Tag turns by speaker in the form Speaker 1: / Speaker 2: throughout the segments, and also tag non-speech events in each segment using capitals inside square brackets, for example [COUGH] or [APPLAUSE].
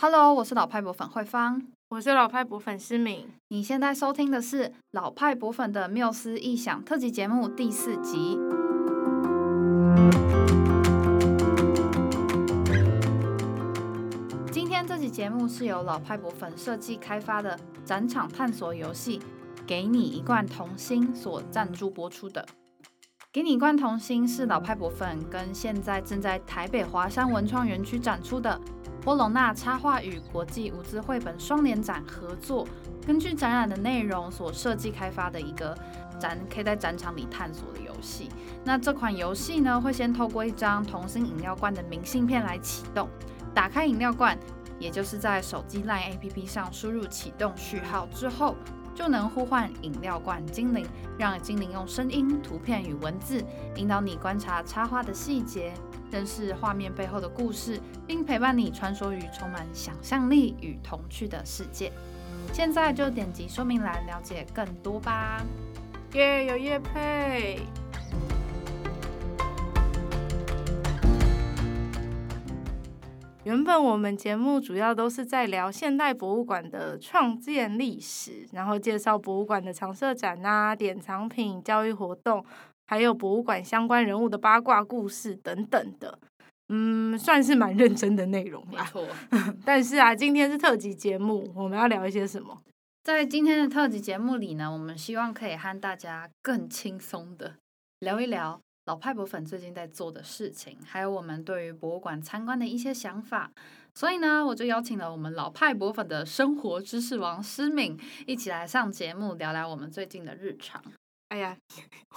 Speaker 1: Hello，我是老派博粉慧芳，我是老派博粉思敏。你現在收聽的是老派博粉的繆斯異想特輯節目第四集。今天這期節目是由老派博粉設計開發的展場探索遊戲《給你一罐童心》所贊助播出的。給你一罐童心是老派博粉跟現在正在台北華山文創園區展出的波隆納插畫與國際無字繪本雙聯展合作，根據展覽的內容所設計開發的一個展，可以在展場裡探索的遊戲。那這款遊戲呢，會先透過一張童心飲料罐的明信片來啟動，打開飲料罐，也就是在手機 LINE APP 上輸入啟動序號之後。就能呼喚飲料罐精靈，讓精靈用聲音、圖片與文字引導你觀察插畫的細節，認識畫面背後的故事，並陪伴你穿梭於充滿想象力與童趣的世界。嗯，現在就點擊說明欄了解更多吧！
Speaker 2: 耶，yeah, 有業配。原本我們節目主要都是在聊現代博物館的創建歷史，然後介紹博物館的常設展啊、典藏品、教育活動，還有博物館相關人物的八卦故事等等的，嗯，算是蠻認真的內容。沒錯， [LAUGHS] 但是啊，今天是特輯節目，我們要聊一些什麼？在今天的特輯節目裡
Speaker 1: 呢，我們希望可以和大家更輕鬆的聊一聊。老派博粉最近在做的事情，還有我們對於博物館參觀的一些想法，所以呢，我就邀請了我們老派博粉的生活知識王思敏一起來上節目，聊聊
Speaker 2: 我們最近的日常。哎呀，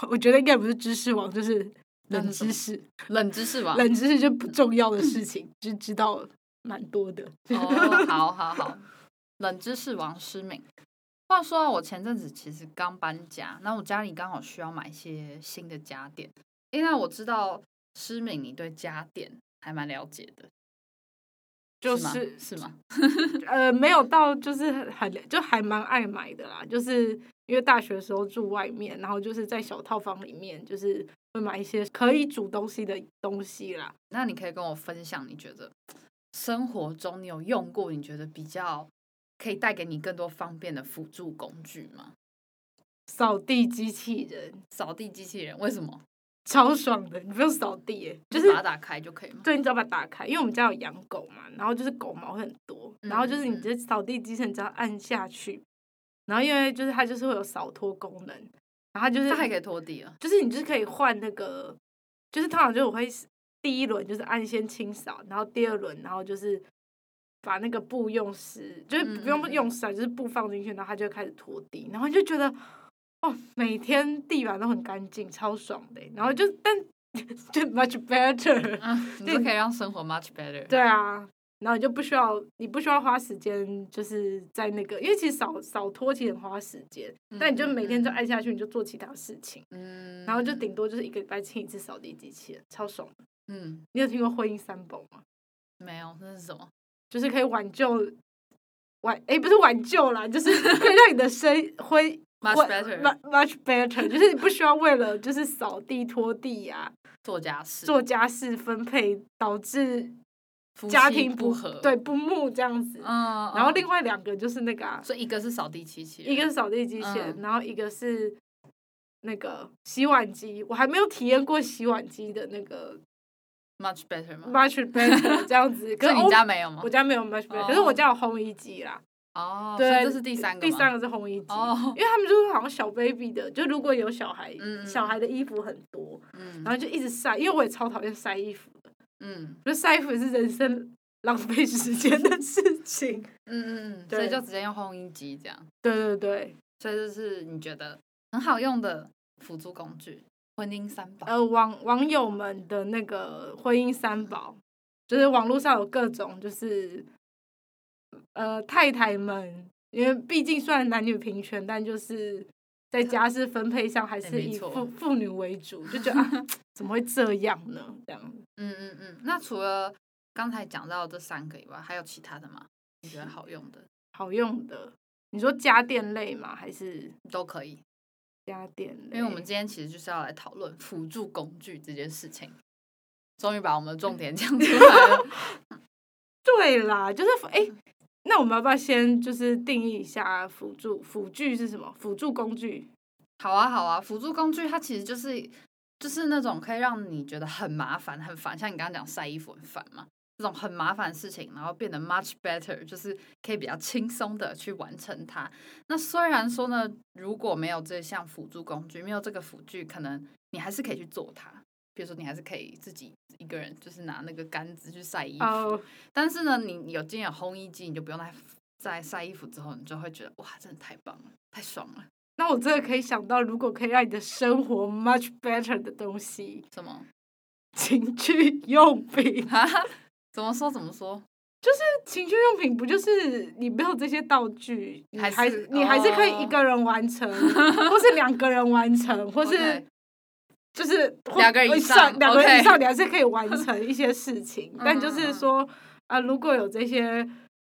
Speaker 2: 我覺得應該不是知識王，就是冷知識，冷知識王，冷知識就不重要的事情， [LAUGHS] 就知道蠻多的。
Speaker 1: 好好好，冷知識王思敏。
Speaker 2: 話說我前陣子
Speaker 1: 其實剛搬家，那我家裡剛好需要買一些新的家電。欸，那我知道詩敏，你對家電還蠻了解的，
Speaker 2: 就是是嗎？是嗎 [LAUGHS] 呃，沒有到，就是很就還蠻愛買的啦。就是因為大學的時候住外面，然後就是在小套房裡面，就是會買一些可以煮東西的東西啦。那你可以跟我分享，你覺得
Speaker 1: 生活中你有用過你覺得比較可以帶給你更多方便的輔助工具嗎？
Speaker 2: 掃地機器人。掃地機器人，為什麼？超爽的，你不用掃地，欸，耶，就是就把它打開就可以。對，你只要把它打開，因為我們家有養狗嘛，然後就是狗毛會很多，然後就是你這掃地機器人只要按下去，然後因為就是它就是會有掃拖功能，然後就是它還可以拖地啊，就是你就是可以換那個，就是通常就我會第一輪就是按先清掃，然後第二輪，然後就是把那個布用濕，就是不用用濕，就是布放進去，然後它就會開始拖地，然後你就覺得。哦，每天地板都很乾淨，超爽的。然後就，但，much better，啊，可以讓生活 much better。對啊，然後你就不需要，你不需要花時間，就是在那個，因為其實掃掃拖地很花時間，嗯、但你就每天就按下去，嗯、你就做其他事情。嗯，然後就頂多就是一個禮拜清一次掃地機器人，超爽的。
Speaker 1: 嗯，
Speaker 2: 你有聽過婚姻三寶嗎？沒有，那是什麼？就是可以挽救，挽哎不是挽救啦，就是可以讓你的生婚。much better much better，就是你不需要為了就是掃地拖地啊，做家事做家事分配導致家庭不和，不合對不睦這樣子。嗯，uh, uh, 然後另外兩個就是那個、啊，所以一個是掃地機器人，一個是掃地機器人，uh. 然後一個是那個洗碗機。我還沒有體驗過洗碗機的那個 much better much better 這樣子，可是 [LAUGHS] 你家沒有嗎？我家沒有 much better，、uh. 可是我家有烘衣機啦。哦，oh, 對，這是第三個，第三個是烘衣機，oh, 因為他們就是好像小 baby 的，就如果有小孩，嗯、小孩的衣服很多，嗯、然後就一直曬，因為我也超討厭曬衣服的，嗯，就覺曬衣服也是人生浪費時間的事情，嗯嗯 [LAUGHS] 嗯，對所以就直接
Speaker 1: 用烘衣機這樣，
Speaker 2: 對對對，所以就是你覺得很好用的輔助工具，婚姻三寶，呃，網網友們的那個婚姻三寶，就是網絡上有各種就是。呃，太太們，因為畢竟雖然男女平權，但就是在家事分配上還是以父婦、欸、女為主，就覺得、啊、 [LAUGHS] 怎麼會這樣呢？這樣，嗯嗯
Speaker 1: 嗯，那除了剛才講到這三個以外，還有其他的嗎？
Speaker 2: 你覺得好用的，
Speaker 1: 好用的，你說家電類嗎？還是都可以家電類。因為我們今天其實就是要來討論輔助工具這件事
Speaker 2: 情，終於把我們的重點講出來了。對啦，就是哎。欸那我們要不要先就是定義一下輔助，輔具是什麼？輔助
Speaker 1: 工具。好啊好啊，輔助工具它其實就是就是那種可以讓你覺得很麻煩很煩，像你剛剛講曬衣服很煩嘛，這種很麻煩的事情，然後變得 much better，就是可以比較輕鬆的去完成它。那雖然說呢，如果沒有這項輔助工具，沒有這個輔助，可能你還是可以去做它。比如說，你還是可以自己一個人，就是拿那個杆子去曬衣服。Oh. 但是呢，你有這樣烘衣機，你就不用再再曬衣服之後，你就會覺得哇，真的太棒了，太爽了。
Speaker 2: 那我真的可以想到，如果可以讓你的生活 much better 的東西，什麼？情趣用品啊？怎麼說？怎麼說？就是情趣用品不就是你沒有這些道具，還是你還是、oh. 你還是可以一個人完成， [LAUGHS] 或是兩個人完成，或是。Okay. 就是兩個人以上，兩個人以上 Okay 你還是可以完成一些事情， [LAUGHS] 嗯啊、但就是說啊，如果有這些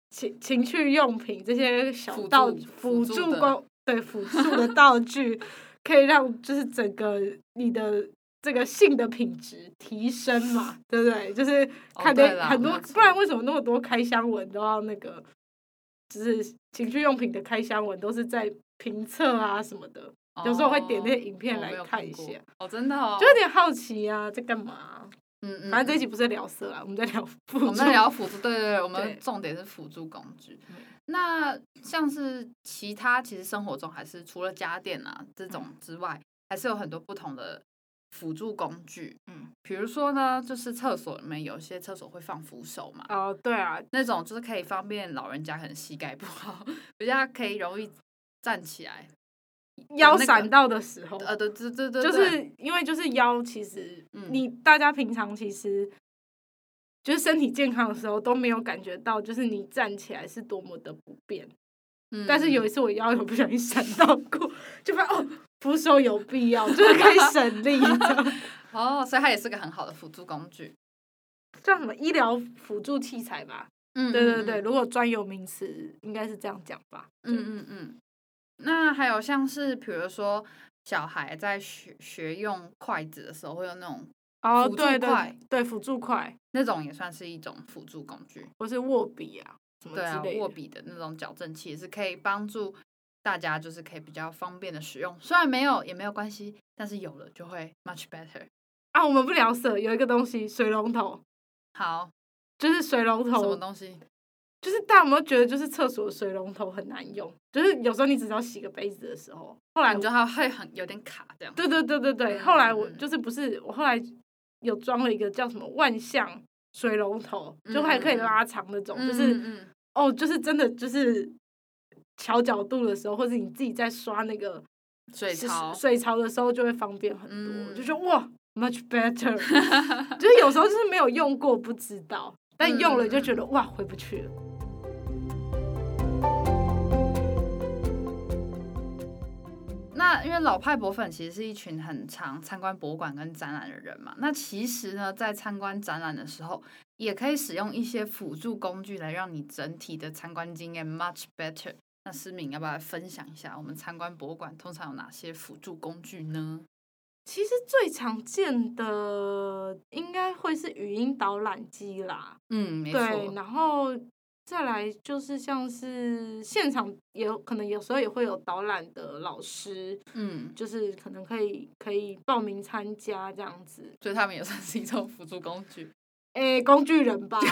Speaker 2: 情情趣用品，這些小道具輔助工，助助對，輔助的道具 [LAUGHS] 可以讓就是整個你的這個性的品質提升嘛，對不對？就是看，對，很多，哦、不然為什麼那麼多開箱文都要那個？就是情趣用品的開箱文，我都是在評測啊什麼的，有時候會點那些影片來看一下。哦，真的哦，就有點好奇啊，在幹嘛啊？嗯嗯。反正這一集不是在聊色啊，我們在聊輔助，我們在聊輔助。對對對，我們重點是
Speaker 1: 輔助工具。對那像是其他，其實生活中還是除了家電啊這種之外，嗯，還是有很多不同的。輔助工具，嗯，比如說呢，就是廁所裡面有些廁所會放扶手嘛，哦，uh, 對啊，那種就是可以方便老人家，可能膝蓋不好，比較可以容易站起來，
Speaker 2: 腰閃到、那個、的時候，呃，對,對，對,對,對，對，就是因為就是腰，其實你大家平常其實就是身體健康的時候都沒有感覺到，就是你站起來是多麼的不便，嗯，但是有一次我腰有不小心閃到過， [LAUGHS] 就發現哦。扶手有必要，就是可以省力。 [LAUGHS] 哦，所以它也是個很好的輔助工具，像什麼醫療輔助器材吧？嗯，對對對。嗯嗯、如果專有名詞，應該是這樣講吧？嗯嗯嗯。那還有像
Speaker 1: 是，比如說小孩在學學用筷子的時候，會用那種哦，對對對，輔助筷，那種也算是一種輔助工具。或是握筆啊，對啊，握筆的那種矯正器，也是可以幫助。大家就是可以比較方便的使用，雖然沒有也沒有關係，但是有了就會 much better
Speaker 2: 啊！我們不聊水，有一個東西水龍頭，好，就是水龍頭什麼東西？就是大家有沒有覺得就是廁所的水龍頭很難用？就是有時候你只要洗個杯子的時候，後來你知道它會很有點卡這樣？對對對對對。嗯、後來我就是不是我後來有裝了一個叫什麼萬向水龍頭，就還可以拉長那種，嗯嗯嗯就是嗯嗯哦，就是真的就是。調角度的時候，或者你自己在刷那個水槽水槽的時候，就會方便很多。嗯、就說哇，much better， [LAUGHS] 就有時候就是沒有用過不知道，但用了你就覺得哇，回不去了。嗯、
Speaker 1: 那因為老派博粉其實是一群很常參觀博物館跟展覽的人嘛，那其實呢，在參觀展覽的時候，也可以使用一些輔助工具來讓你整體的參觀經驗 much better。那思敏，要不要來分享一下我們參觀博物館通
Speaker 2: 常有哪些輔助工具呢？其實最常見的應該會是語音導覽機啦，嗯，對，然後再來就是像是現場也有可能有時候也會有導覽的老師，
Speaker 1: 嗯，
Speaker 2: 就是可能可以可以報名參加這樣子，所以他們也算是一種
Speaker 1: 輔助工具，
Speaker 2: 哎、欸，工具人吧。 [LAUGHS]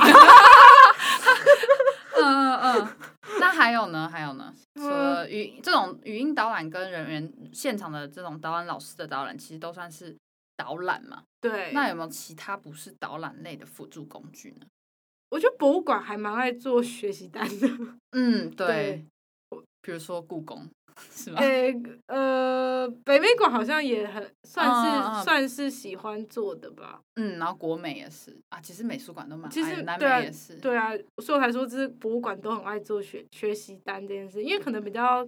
Speaker 1: 嗯嗯、 [LAUGHS] 呃呃，那還有呢？還有呢？呃，語、嗯、這種語音導覽跟人員現場的這種導覽老師的導覽，其實都算是導覽嘛。對。那有沒有其他不是導覽類的輔助工具呢？
Speaker 2: 我覺得博物館還蠻愛做學習單
Speaker 1: 的。嗯，對。對比如說故宮，是吧、
Speaker 2: 欸？呃，北美館好像也很算是、嗯、算是喜歡做的吧。
Speaker 1: 嗯，然後國美也是啊，其實美術館都蠻其實啊南美也是
Speaker 2: 對啊，對啊，所以我才說，就是博物館都很愛做學學習單這件事，因為可能比較，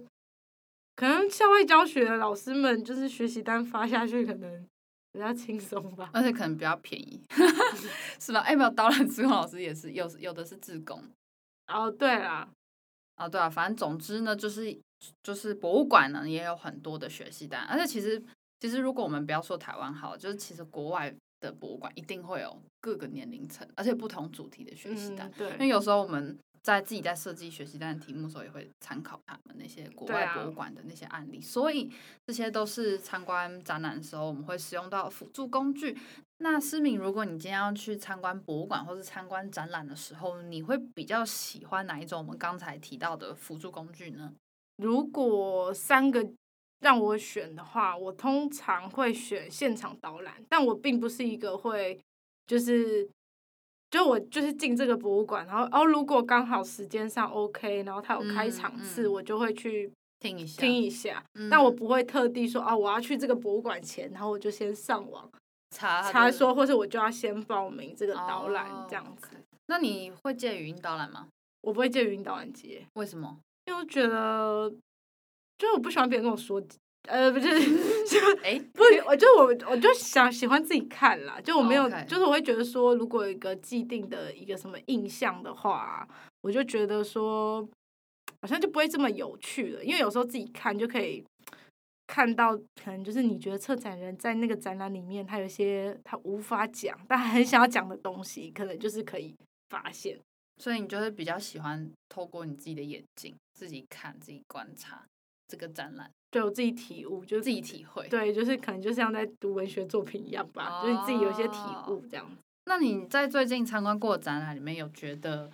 Speaker 2: 可能校外教學的老師們就是學習單發下去，可能比較輕鬆吧。而且可能比較便宜， [LAUGHS] 是吧？哎、欸，沒有，當然，志工老師也是有有的是志工。哦，
Speaker 1: 對啊。啊，oh, 對啊，反正總之呢，就是就是博物館呢也有很多的學習單，而且其實其實如果我們不要說台灣好了，就是其實國外的博物館一定會有各個年齡層，而且不同主題的學習單。嗯、對。因為有時候我們在自己在設計學習單的題目的時候，也會參考他們那些國外博物館的那些案例，啊、所以這些都是參觀展覽的時候，我們會使用到輔助工具。那思敏，如果你今天要去參觀博物館或者參觀展覽的時候，你會比較喜歡哪一種我們剛才提到
Speaker 2: 的輔助工具呢？如果三個讓我選的話，我通常會選現場導覽。但我並不是一個會就是就我就是進這個博物館，然後哦、啊，如果剛好時間上 OK，然後他有開場次，嗯嗯、我就會去聽一下，聽一下，嗯、但我不會特地說啊，我要去這個博物館前，然後我就先上網。查查說，或是我就要先報名這個導覽，oh, 這樣子。那你會借語音導覽嗎？我不會借語音導覽機。
Speaker 1: 為什麼？因
Speaker 2: 為我覺得，就是我不喜歡別人跟我說，呃，欸、不是就哎，不，我就我我就想 [LAUGHS] 喜歡自己看啦，就我沒有，oh, okay. 就是我會覺得說，如果有一個既定的一個什麼印象的話，我就覺得說，好像就不會這麼有趣了，因為有時候自己看就可以。看到可能就是你覺得策展人在那個展覽裡面，他有些他無法講，但很想要講的東西，可能就是可以發現。所以你就會比較喜歡
Speaker 1: 透過你自己的眼睛，自己看，自己觀察這個展覽，對我自己體
Speaker 2: 悟，就自己體會。對，就是可能就像在讀文學作品一樣吧，哦、就是自己有一些體悟這樣
Speaker 1: 子。那你在最近參觀過的展覽裡面，有覺得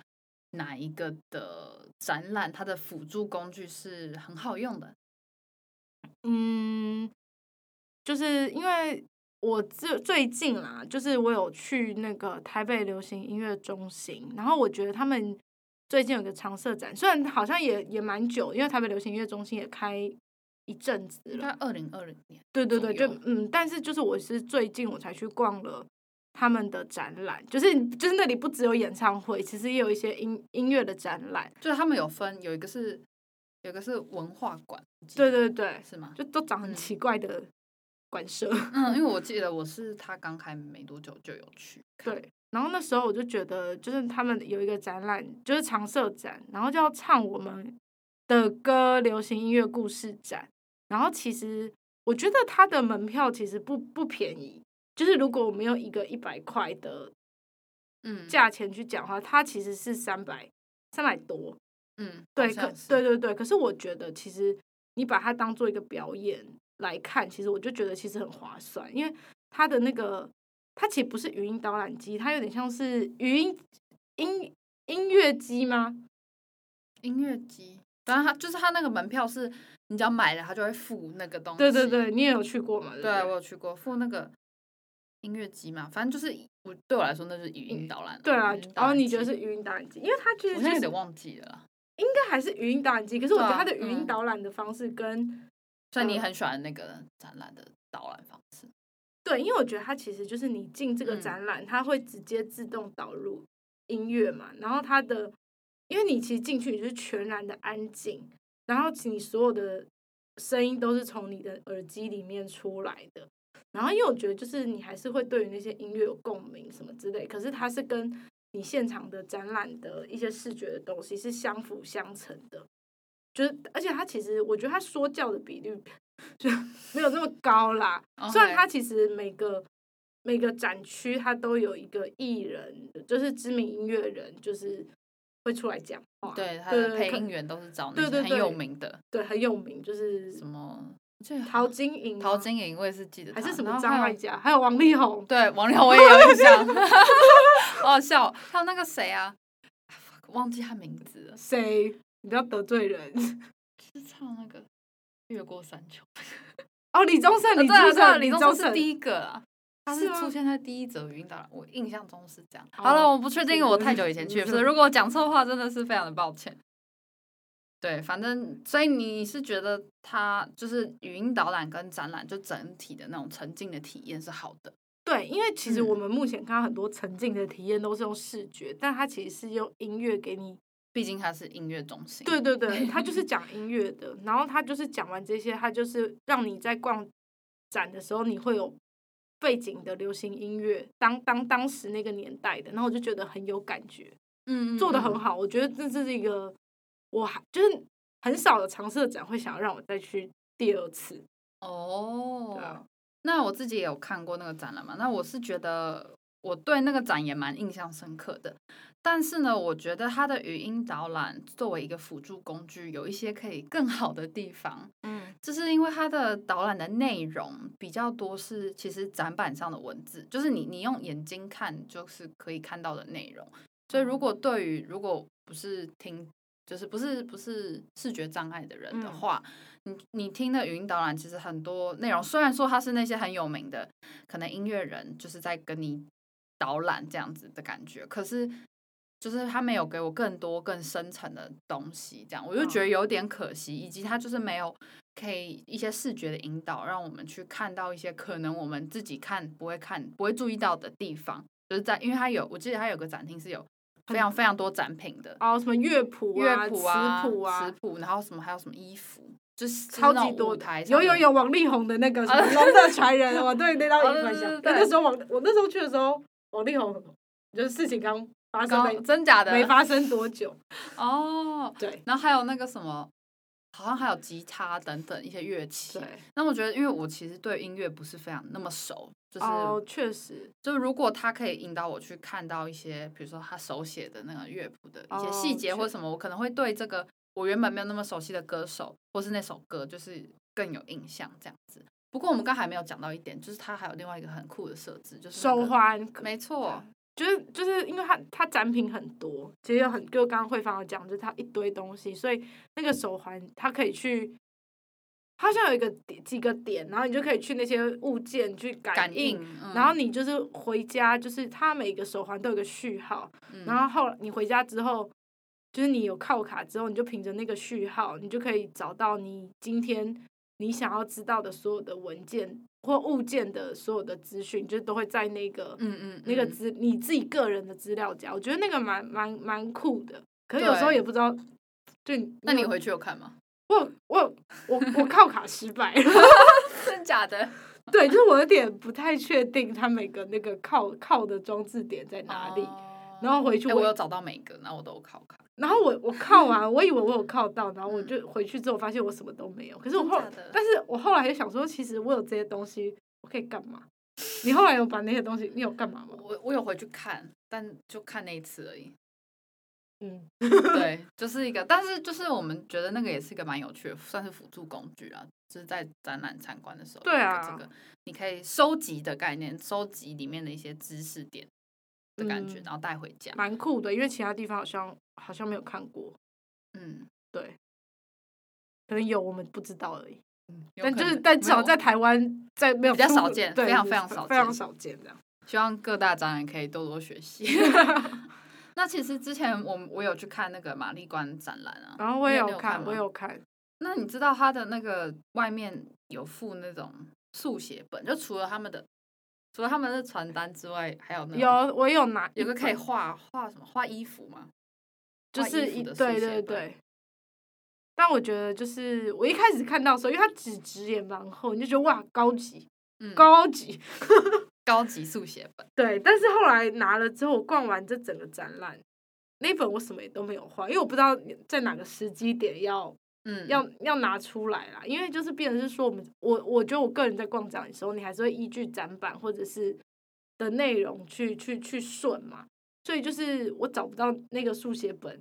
Speaker 1: 哪一個的展覽，它的輔助工具是很好用的？
Speaker 2: 嗯，就是因為我最最近啦，就是我有去那個台北流行音樂中心，然後我覺得他們最近有個常設展，雖然好像也也蠻久，因為台北流行音樂中心也開一陣子了，二零二零年，對對對，就嗯，但是就是我是最近我才去逛了他們的展覽，就是就是那裡不只有演唱會，其實也有一些音音樂的展覽，就是他們有分有一個是。有個是文化館，對對對，是嗎？就
Speaker 1: 都長很奇怪的館舍嗯。嗯，因為我記得我是他剛開沒多久就
Speaker 2: 有去。 [LAUGHS] 對，然後那時候我就覺得，就是他們有一個展覽，就是常設展，然後就要唱我們的歌，流行音樂故事展。然後其實我覺得他的門票其實不不便宜，就是如果我們用一個一百塊的嗯價錢去講話，嗯、它其實是三百三百多。嗯，對，對對對，可是我覺得其實你把它當做一個表演來看，其實我就覺得其實很划算，因為它的那個它其實不是語音導覽機，它有點像是語音音音樂機嗎？
Speaker 1: 音樂機，然後它就是它那個門票是你只要買了，它就會付那個東西。對對對，你也有去過嗎？對，對，對啊，我有去過，付那個音樂機嘛，反正就是
Speaker 2: 我對我來說那是語音導覽。對啊，音音然後你覺得是語音導覽機？因為它其實就是我現在忘記了。應該還是語音導覽機，可是我覺得它的語音導覽的方式跟，嗯嗯、算你很喜歡那個展覽的導覽方式，對，因為我覺得它其實就是你進這個展覽，嗯、它會直接自動導入音樂嘛，然後它的，因為你其實進去你就是全然的安靜，然後你所有的聲音都是從你的耳機裡面出來的，然後因為我覺得就是你還是會對於那些音樂有共鳴什麼之類，可是它是跟。你現場的展覽的一些視覺的東西是相輔相成的，就是而且它其實我覺得它說教的比率就沒有那麼高啦。Okay. 雖然它其實每個每個展區它都有一個藝人，就是知名音樂人，就是會出來講話。對，他的配音員都是找那些很有名的，對，對，對，對，很有名就是什麼。陶晶瑩，陶晶瑩我也是記得，還是什麼張艾嘉，還有王力宏，對，王力宏我也有印象，
Speaker 1: 好笑。還有那個誰啊，忘記他名字
Speaker 2: 了。誰？你不要得罪人。
Speaker 1: 是唱那個
Speaker 2: 越過山丘。哦，李宗盛，李宗盛，李宗盛是第一個啦，他是出
Speaker 1: 現在第一則語音的，我印象中是這樣。好了，我不確定，我太久以前去，不是，如果我講錯話，真的是非常的抱歉。對，反正所以你是覺得它就是語音導覽跟展覽，就整體的那種沉浸的體驗是好的。
Speaker 2: 對，因為其實我們目前看到很多沉浸的體驗都是用視覺，嗯、但它其實是用音樂給你。畢竟它是音樂中心。對對對，它就是講音樂的， [LAUGHS] 然後它就是講完這些，它就是讓你在逛展的時候，你會有背景的流行音樂，當當當時那個年代的，然後我就覺得很有感覺。嗯，做得很好，嗯、我覺得這這是一個。我還就是很少的常設展會想要讓我再去第二次哦。啊、
Speaker 1: 那我自己也有看過那個展覽嘛，那我是覺得我對那個展也蠻印象深刻的。但是呢，我覺得它的語音導覽作為一個輔助工具，有一些可以更好的地方。嗯，就是因為它的導覽的內容比較多是其實展板上的文字，就是你你用眼睛看就是可以看到的內容。所以如果對於如果不是聽就是不是不是視覺障礙的人的話，嗯、你你聽的語音導覽其實很多內容，雖然說他是那些很有名的，可能音樂人就是在跟你導覽這樣子的感覺，可是就是他沒有給我更多更深層的東西，這樣我就覺得有點可惜，哦、以及他就是沒有可以一些視覺的引導，讓我們去看到一些可能我們自己看不會看不會注意到的地方，就是在因為他有，我記得他有個展廳是有。非常非常多展品的哦，什麼樂譜啊、詞譜啊、詞譜，然後什麼還有什麼衣服，就是超級多台。有有有
Speaker 2: 王力宏的那個《龍的傳人》，我對那張印象。那時候王我那時候去的時候，王力宏就是事情剛發生，真假的沒發生多久
Speaker 1: 哦。對，然後還有那個什麼，好像還有吉他等等一些樂器。那我覺得，因為我其實對音樂不是非常那麼熟。就是，確實，就是如果他可以引導我去看到一些，比如說他手寫的那個樂譜的一些細節或什麼，我可能會對這個我原本沒有那麼熟悉的歌手或是那首歌，就是更有印象
Speaker 2: 這樣子。不過我們剛還沒有講到一點，就是他還有另外一個很酷的設置，就是手環環，沒錯錯、嗯，就是就是因為他他展品很多，其實有很就剛剛慧芳有講，就是、他一堆東西，所以那個手環它可以去。好像有一個點，幾個點，然後你就可以去那些物件去感應，感應嗯、然後你就是回家，就是它每一個手環都有個序號，嗯、然後後你回家之後，就是你有靠卡之後，你就憑着那個序號，你就可以找到你今天你想要知道的所有的文件或物件的所有的資訊，就都會在那個嗯嗯那個資你自己個人的資料夾，我覺得那個蠻蠻蠻酷的，可是有時候也不知道，對就因那你回去有看嗎？我我我我靠卡失敗了， [LAUGHS] 真假的？ [LAUGHS] 對，就是我有點不太確定它每個那個靠靠的裝置點在哪裡。哦、然後回去我，我有找到每一個，然後我都有靠卡。然後我我靠完、啊， [LAUGHS] 我以為我有靠到，然後我就回去之後發現我什麼都沒有。可是我後來，但是我後來就想說，其實我有這些東西，我可以幹嘛？你後來有把那些東西，你有幹嘛嗎？
Speaker 1: 我我有回去看，但就看那一次而已。嗯，對，就是一個，但是就是我們覺得那個也是一個蠻有趣的，算是輔助工具啊，就是在展覽參觀的時候，對啊，這個你可以收集的概念，收集裡面的一些知識點
Speaker 2: 的感覺，然後帶回家，蠻酷的，因為其他地方好像好像沒有看過，嗯，對，可能有我們不知道而已，但就是但至少在台灣在沒有比較少見，非常非常少見，非常少見這樣，希望各大展
Speaker 1: 覽可以多多學習。那其實之前我我有去看那個瑪莉官展覽啊，然後我也有看，我有看。那你知道他的那個外面有附那種速寫本，就除了他們的除了他們的傳單之外，還有那種，有我
Speaker 2: 有拿，有個可以畫本
Speaker 1: 畫什麼畫衣服嗎？就是一對，對對
Speaker 2: 對。但我覺得就是我一開始看到的時候，因為它紙質也蠻厚，你就覺得哇高級，高級。嗯 [LAUGHS] 高級速寫本，對，但是後來拿了之後我逛完這整個展覽，那本我什麼也都沒有畫，因為我不知道在哪個時機點要，嗯，要要拿出來啦，因為就是變成是說我們，我我覺得我個人在逛展的時候，你還是會依據展板、或者是的內容去去去順嘛，所以就是我找不到那個速寫本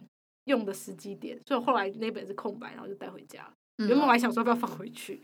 Speaker 2: 用的時機點，所以後來那本是空白，然後就帶回家。嗯、原本我還想說要不要放回去，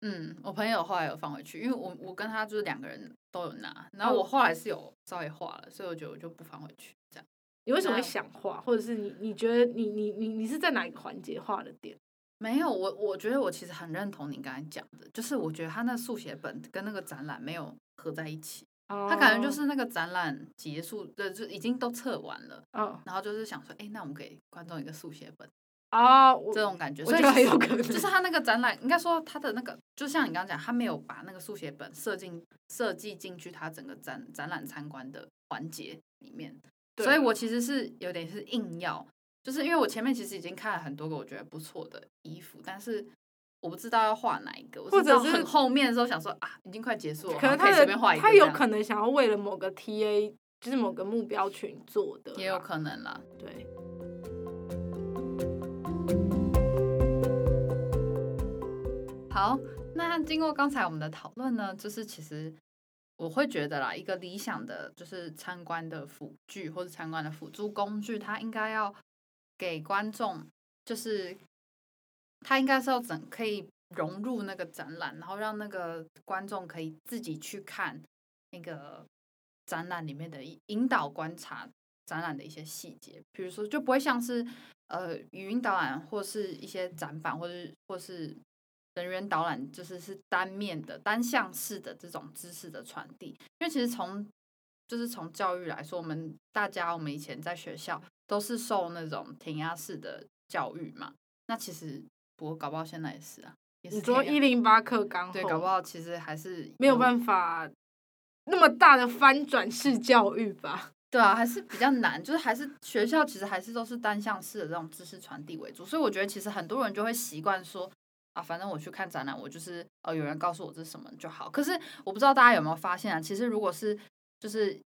Speaker 1: 嗯，我朋友後來有放回去，因為我我跟他就是兩個人。都有拿，然後我畫也是有稍微畫了，oh. 所以我覺得我就不放回去。這樣，你為什麼會想畫？
Speaker 2: 那或者是你你覺得你你
Speaker 1: 你你是在哪一個環節畫的點？沒有，我我覺得我其實很認同你剛才講的，就是我覺得他那速寫本跟那個展覽沒有合在一起，oh. 他感覺就是那個展覽結束的就已經都撤完了，oh. 然後就是想說，哎、欸，那我們給觀眾一個速寫本。啊，uh, 這種感覺，所以覺得還有可能，就是他那個展覽，應該說他的那個，就像你剛剛講，他沒有把那個速寫本設進設計進去，他整個展展覽參觀的環節裡面。對所以，我其實是有點是硬要，就是因為我前面其實已經看了很多個我覺得不錯的衣服，但是我不知道要畫哪一個，或者是，很我是
Speaker 2: 後面的時候想說啊，
Speaker 1: 已經快結束了，可，能可以隨便畫一個。他有可能
Speaker 2: 想要為了某個 TA，就是某個目標群做的，也有可能啦。對。
Speaker 1: 好，那經過剛才我們的討論呢，就是其實我會覺得啦，一個理想的就是參觀的輔具或者參觀的輔助工具，它應該要給觀眾，就是它應該是要整可以融入那個展覽，然後讓那個觀眾可以自己去看那個展覽裡面的引導觀察展覽的一些細節，比如說就不會像是呃語音導覽或是一些展板，或是或是。或是人員導覽就是是單面的、單向式的這種知識的傳遞，因為其實從就是從教育來說，我們大家我們以前在學校都是受那種填鴨式的教育嘛。那其實不過搞不好現在也是啊，你說一零八課綱對，搞不好其實還是沒有辦
Speaker 2: 法那麼大的翻轉式
Speaker 1: 教育吧？對啊，還是比較難，就是還是學校其實還是都是單向式的這種知識傳遞為主，所以我覺得其實很多人就會習慣說。啊，反正我去看展覽，我就是呃、哦，有人告訴我這是什麼就好。可是我不知道大家有沒有發現啊，其實如果是就是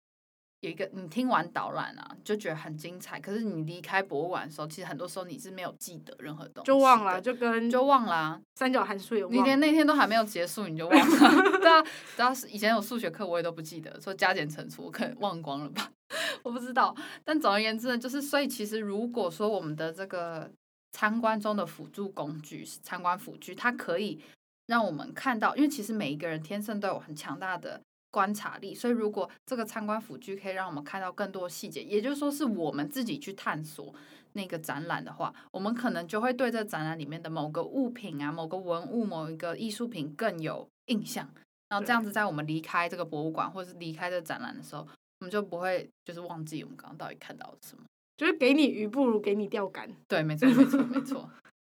Speaker 1: 有一個你聽完導覽啊，就覺得很精彩。可是你離開博物館的時候，其實很多時候你是沒有記得任何東西，就忘了，就跟忘就忘了、啊、三角函數有。你連那天都還沒有結束，你就忘了。 [LAUGHS] 對啊，當是、啊、以前有數學課，我也都不記得，說加減乘除，我可能忘光了吧， [LAUGHS] 我不知道。但總而言之呢，就是所以其實如果說我們的這個。參觀中的輔助工具，參觀輔具，它可以讓我們看到，因為其實每一個人天生都有很強大的觀察力，所以如果這個參觀輔具可以讓我們看到更多細節，也就是說，是我們自己去探索那個展覽的話，我們可能就會對這展覽裡面的某個物品啊、某個文物、某一個藝術品更有印象。然後這樣子，在我們離開這個博物館或者是離開這個展覽的時候，我們
Speaker 2: 就不會就是忘記我們剛剛到底看到了什麼。就是給你魚，不如給你釣竿。對，沒錯，沒錯，沒錯。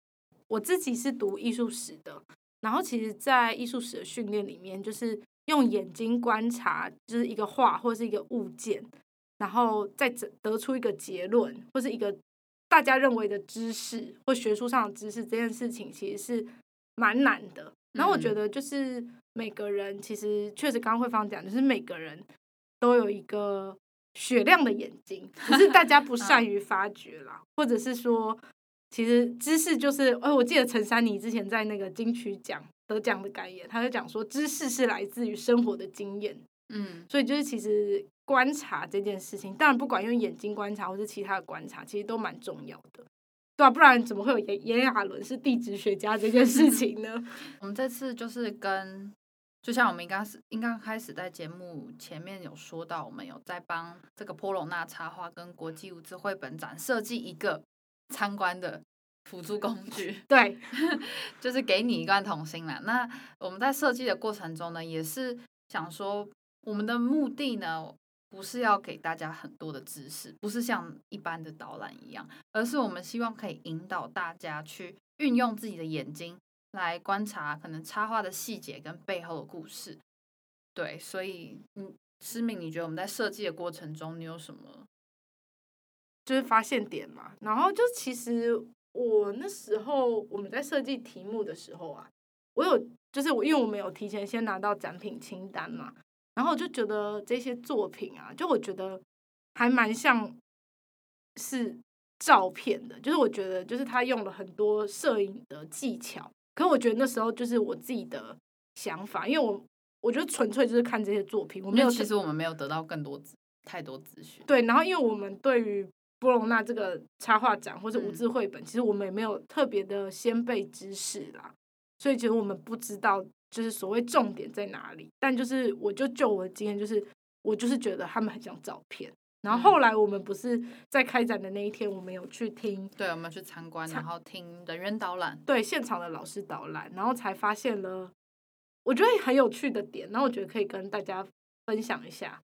Speaker 2: [LAUGHS] 我自己是讀藝術史的，然後其實，在藝術史的訓練裡面，就是用眼睛觀察，就是一個畫或是一個物件，然後再得出一個結論，或是一個大家認為的知識或學術上的知識。這件事情其實是蠻難的。嗯、然後我覺得，就是每個人其實確實，剛剛惠芳講，就是每個人都有一個。雪亮的眼睛，可是大家不善於發掘啦， [LAUGHS] 或者是說，其實知識就是……哎、欸，我記得陳珊妮之前在那個金曲獎得獎的感言，他就講說，知識是來自於生活的經驗。嗯，所以就是其實觀察這件事情，當然不管用眼睛觀察或是其他的觀察，其實都蠻重要的，對啊，不然怎麼會有炎炎亞綸是地質學家這件事情呢？ [LAUGHS] 我們這次就是
Speaker 1: 跟。就像我們應該是應該開始在節目前面有說到，我們有在幫這個波隆納插畫跟國際無字繪本展設計一個參觀的輔助工具， [LAUGHS] 對，就是給你一罐童心啦。那我們在設計的過程中呢，也是想說，我們的目的呢，不是要給大家很多的知識，不是像一般的導覽一樣，而是我們希望可以引導大家去運用自己的眼睛。來觀察可能插畫的細節跟背後的故事，對，所以嗯，詩敏，你覺得我們在設計的
Speaker 2: 過程中，你有什麼就是發現點嘛？然後就其實我那時候我們在設計題目的時候啊，我有就是我因為我沒有提前先拿到展品清單嘛，然後我就覺得這些作品啊，就我覺得還蠻像是照片的，就是我覺得就是他用了很多攝影的技巧。可我覺得那時候就是我自己的想法，因為我我覺得純粹就是看這些作品，我沒有。其實我們
Speaker 1: 沒有得到更多太多資訊。對，然後因
Speaker 2: 為我們對於波隆納這個插畫展或者無字繪本，嗯、其實我們也沒有特別的先備知識啦，所以其實我們不知道就是所謂重點在哪裡。但就是我就就我的經驗，就是我就是覺得他們很像照片。然後後來我們不是在開展的那一天，我們有去聽，嗯、對我們去參觀，參然後聽人員導覽，對現場的老師導覽，然後才發現了我覺得很有趣的點，然後我覺得可以跟大家分享一下，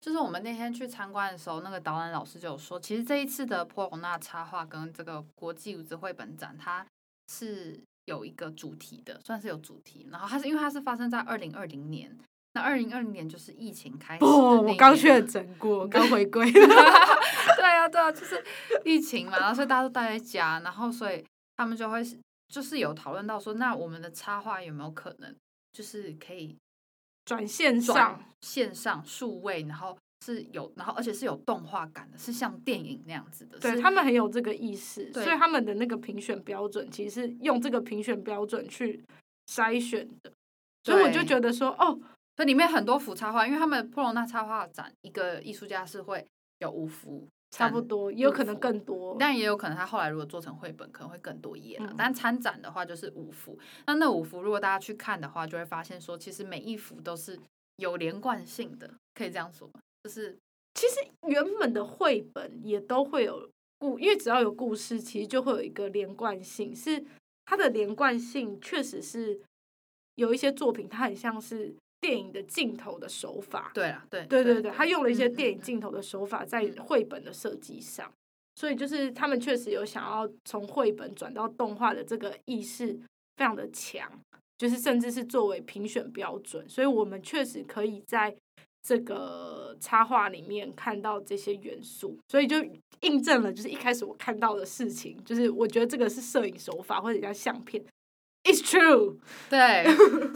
Speaker 2: 就是我們
Speaker 1: 那天去參觀的時候，那個導覽老師就有說，其實這一次的波隆納插畫跟這個國際無字繪本展，它是有一個主題的，算是有主題，然後它是因為它是發生在二零二零年。那二零二零年就是疫情開始，啊 oh, 我剛確診
Speaker 2: 過，剛 [LAUGHS] 回歸
Speaker 1: [LAUGHS] 啊。對啊，對啊，就是疫情嘛，然後所以大家都待在家，然後所以他們就會就是有討論到說，那我們的插畫有沒有可能就是可以轉線上線上數位，然後是
Speaker 2: 有，然後而且是有動畫感的，是像電影那樣子的。對是他們很有這個意識，對所以他們的那個評選標準其實是用這個評選標準去篩選的，
Speaker 1: 對所以我就覺
Speaker 2: 得說，哦。所以裡面很多幅插畫，因為他們波隆納插畫展，一個
Speaker 1: 藝術家是會有五幅，五幅，差不多，也有可能更多，但也有可能他後來如果做成繪本，可能會更多頁。嗯。但參展的話就是五幅。那那五幅如果大家去看的話，就會發現說，其實每一幅都是有連貫性的，可以這樣說，就是
Speaker 2: 其實原本的繪本也都會有故，因為只要有故事，其實就會有一個連貫性。是它的連貫性確實是有一些作品，它很像是。電影的鏡頭的手法，對啊，對對對對對，他用了一些電影鏡頭的手法在繪本的設計上，所以就是他們確實有想要從繪本轉到動畫的這個意識非常的強，就是甚至是作為評選標準，所以我們確實可以在這個插畫裡面看到這些元素，所以就印證了就是一開始我看到的事情，就是我覺得這個是攝影手法或者叫相片。It's true。對，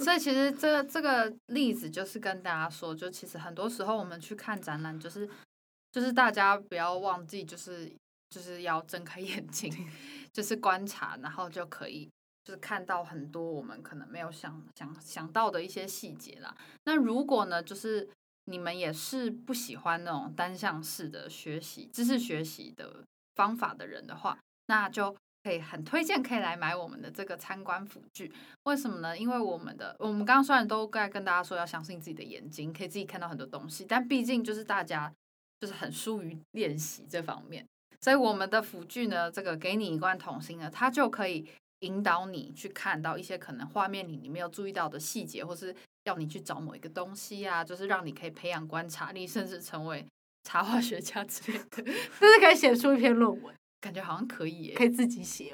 Speaker 2: 所
Speaker 1: 以其實這這個例子就是跟大家說，就其實很多時候我們去看展覽，就是就是大家不要忘記，就是就是要睜開眼睛，對就是觀察，然後就可以就是看到很多我們可能沒有想想想到的一些細節啦。那如果呢，就是你們也是不喜歡那種單向式的學習、知識學習的方法的人的話，那就。可以很推薦，可以來買我們的這個參觀輔具。為什麼呢？因為我們的我們剛剛雖然都在跟大家說要相信自己的眼睛，可以自己看到很多東西，但畢竟就是大家就是很疏於練習這方面。所以我們的輔具呢，這個給你一罐童心呢，它就可以引導你去看到一些可能畫面裡你沒有注意到的細節，或是要你去找某一個東西啊，就是讓你可以培養觀察力，甚至成為插畫學家之類的，
Speaker 2: 就 [LAUGHS] 是可以寫出一篇論文。感覺好像可以，可以自己寫。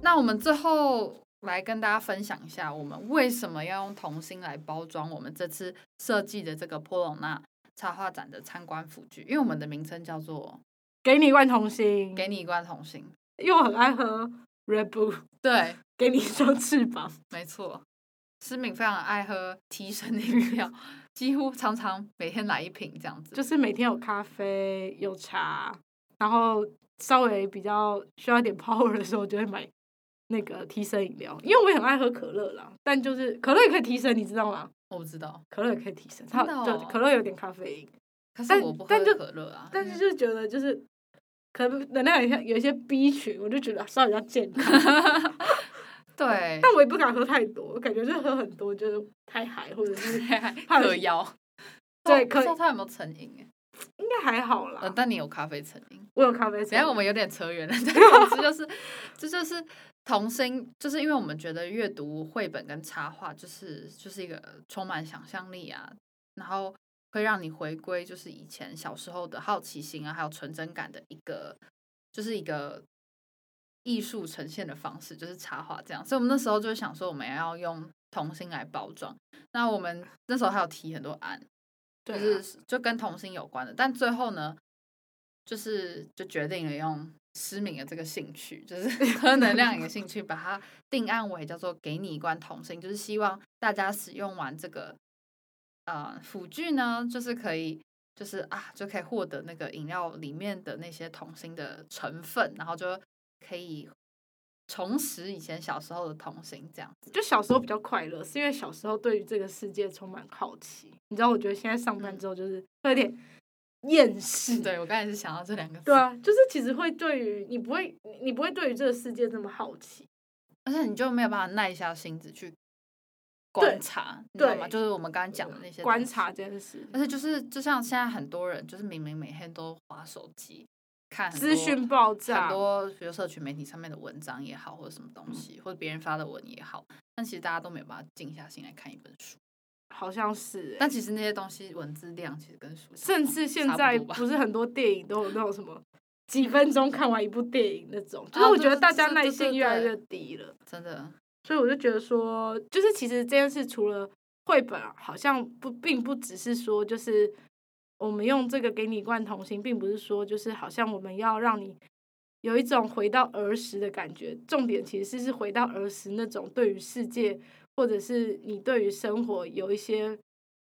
Speaker 1: 那我們最後來跟大家分享一下，我們為什麼要用童心來包裝我們這次設計的這個波隆納插畫展的參觀輔具？因為我們的名稱叫做
Speaker 2: “給你一罐童
Speaker 1: 心”，“給你一罐童心”，
Speaker 2: 因為我很愛喝 Red Bull。對， [LAUGHS] 給你一雙翅膀， [LAUGHS] 沒
Speaker 1: 錯。思敏非常愛喝提神的飲料，幾乎常常每天
Speaker 2: 來一瓶這樣子。就是每天有咖啡，有茶，然後稍微比較需要一點 power 的時候，就會買那個提神飲料。因為我很愛喝可樂啦。但就是可樂也可以提神，你知道嗎？我知道，可樂也可以提神，它、真的哦、就可樂有點咖啡因，可是我不喝、啊、但，但就可樂啊，嗯、但是就覺得就是可能能量有些有些 B 群，我就覺得稍微比較健康。 [LAUGHS] 對，但我也不敢喝太多，嗯、我感覺就喝很多就是太嗨，或者是太喝腰。妖哦、對，可
Speaker 1: 他有沒有成癮？哎，應該還好啦。呃，但你有咖啡成癮，我有咖啡成癮。等下我們有點扯遠了，這就就是，這就是童心，就是因為我們覺得閱讀繪本跟插畫，就是就是一個充滿想象力啊，然後會讓你回歸就是以前小時候的好奇心啊，還有純真感的一個，就是一個。藝術呈現的方式就是插畫這樣，所以我們那時候就想說，我們要用童心來包裝。那我們那時候還有提很多案，啊、就是就跟童心有關的。但最後呢，就是就決定了用失明的這個興趣，就是喝能量飲的興趣，把它定案為叫做“給你一罐童心”，就是希望大家使用完這個呃輔具呢，就是可以就是啊就可以獲得那個飲料裡面的那些童心的成分，
Speaker 2: 然後就。可以重拾以前小時候的童心，這樣子。就小時候比較快樂，是因為小時候對於這個世界充滿好奇。你知道，我覺得現在上班之後就是有點厭世。嗯、對我剛才是想到這兩個字，對啊，就是其實會對於
Speaker 1: 你不會，你不會對於這個世界這麼好奇，但是你就沒有辦法耐下心子去觀察，對你知道嗎？對就是我們剛剛講的那些觀察這件事，而且就是就像現在很多人，就是明明每天都滑手機。看資訊爆炸，很多比如社群媒體上面的文章也好，或者什麼東西，嗯、或者別人發的文也好，但其實大家都沒有辦法靜下心來看一本書，好像是、欸。但其實那些東西文字量其實跟
Speaker 2: 書，甚至現在不,不是很多電影都有那種什麼幾分鐘看完一部電影那種， [LAUGHS] 就是我覺得大家耐心越來越低了，啊就是、真的。所以我就覺得說，就是其實這件事除了繪本、啊，好像不，並不只是說就是。我們用這個給你一罐童心，並不是說就是好像我們要讓你有一種回到兒時的感覺。重點其實是，是回到兒時那種對於世界，或者是你對於生活有一些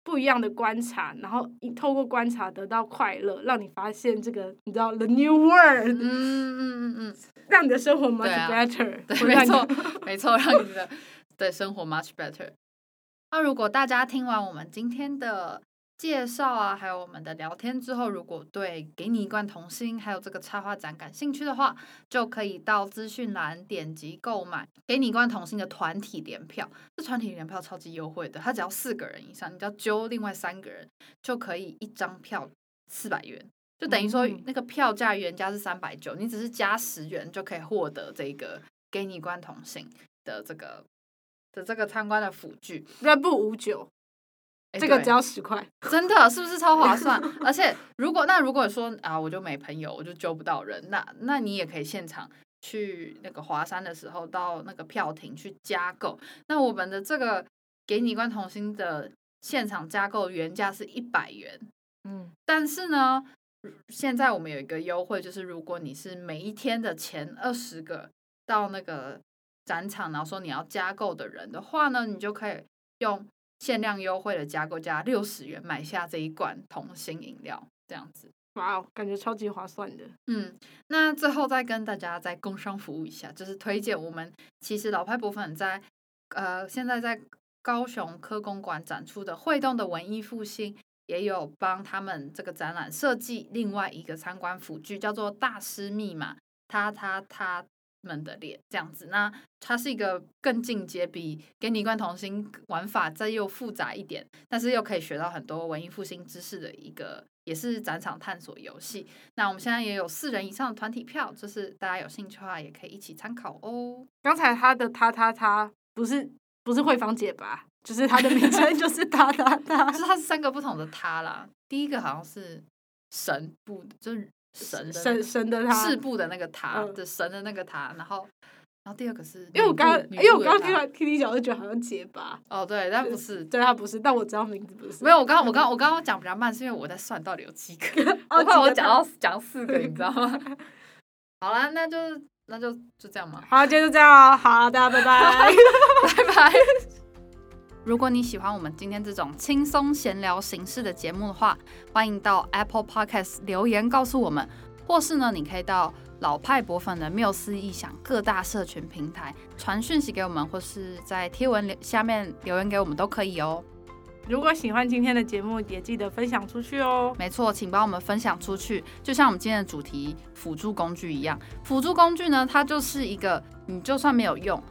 Speaker 2: 不一樣的觀察，然後一透過觀察得到快樂，讓你發現這個你知道 the new world 嗯。嗯嗯嗯嗯，讓你的生活 much better 對、啊。對，讓沒錯，沒錯，讓你的 [LAUGHS] 對生
Speaker 1: 活 much better。那如果大家聽完我們今天的介紹啊，還有我們的聊天之後，如果對《給你一罐童心》還有這個插畫展感興趣的話，就可以到資訊欄點擊購買《給你一罐童心》的團體聯票。這團體聯票超級優惠的，它只要四個人以上，你只要揪另外三個人就可以一張票四百元，
Speaker 2: 就等於說，嗯嗯，
Speaker 1: 那個票價原價是三百九，你只是加十元就可以獲得這個《給你一罐童心》的這個的這個參觀的輔具。兩不五九。
Speaker 2: 欸、這個只要十塊，
Speaker 1: 真的是不是超划、啊、算？ [LAUGHS] 而且如果那如果說啊，我就沒朋友，我就揪不到人，那那你也可以現場去那個華山的時候，到那個票亭去加購。那我們的這個給你一罐童心的現場加購，原價是一百元，嗯，但是呢，現在我們有一個優惠，就是如果你是每一天的前二十個到那個展場，然後說你要加購的人的話呢，你就可以用。限量優惠的加購價六十元，買下這一罐童心飲料，這樣子，哇，感覺超級划算的。嗯，那最後再跟大家再工商服務一下，就是推薦我們其實老派博粉在呃現在在高雄科工館展出的會動的文藝復興，也有幫他們這個展覽設計另外一個參觀輔具，叫做大師密碼，他他他，他們的臉這樣子，那它是一個更進階、比《給你一罐童心》玩法再又複雜一點，但是又可以學到很多文藝復興知識的一個，也是展場探索遊戲。那我們現在也有四人以上的團體票，就是大家有興趣的話，也可以一起參考哦。剛才他的他他他，不是不是慧芳姐，
Speaker 2: 吧？就是他的名稱就
Speaker 1: 是他他他、他， [LAUGHS] 就是他是三個不同的他啦。第一個好像是神部，就是。神神神的他，示部的那個他的神的那個他，然後，然後第二個是，因為我剛因為我剛剛聽他
Speaker 2: 聽你講就覺得好像結巴，哦對，但不是，對他不是，但我知道名字不是。沒有，我剛我剛我剛剛講比較慢，是因為
Speaker 1: 我在算到底有幾個，我怕我講到講四個，你知道嗎？好啦，那就那就就這樣嘛，好，今天就是這樣了，好，大家拜拜，拜拜。如果你喜歡我們今天這種輕鬆閒聊形式的節目的話，歡迎到 Apple Podcast 留言告訴我們，或是呢，你可以到老派博粉的繆斯意想各大社群平台傳訊息給我們，或是在貼文留下面留言給我們都可以哦。如果喜歡今天的節目，也記得分享出去哦。沒錯，請幫我們分享出去，就像我們今天的主題輔助工具一樣。輔助工具呢，它就是一個你就算沒有用。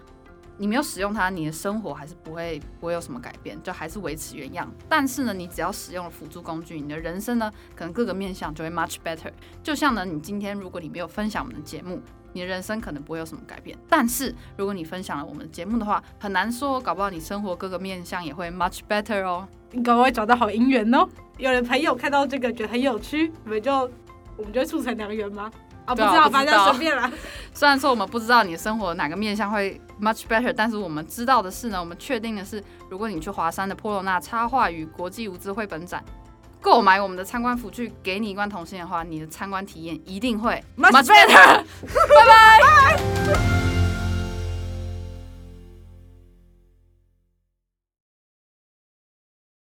Speaker 1: 你沒有使用它，你的生活還是不會不會有什麼改變，就還是維持原樣。但是呢，你只要使用了輔助工具，你的人生呢，可能各個面向就會 much better。就像呢，你今天如果你沒有分享我們的節目，你的人生可能不會有什麼改變。但是如果你分享了我們的節目的話，很難說，搞不好
Speaker 2: 你生活各個面向也會 much better 哦。你搞不好找到好姻緣哦。有人朋友看到這個覺得很有趣，我們就我們就促成良緣嗎？我、啊啊、不知
Speaker 1: 道，反正隨便了。雖然說我們不知道你的生活哪個面向會 much better，但是我們知道的是呢，我們確定的是，如果你去華山的波隆納插畫與國際無字繪本展購買我們的參觀輔具，給你一罐童心的話，你的參觀體驗一定會 much better。
Speaker 2: 拜拜。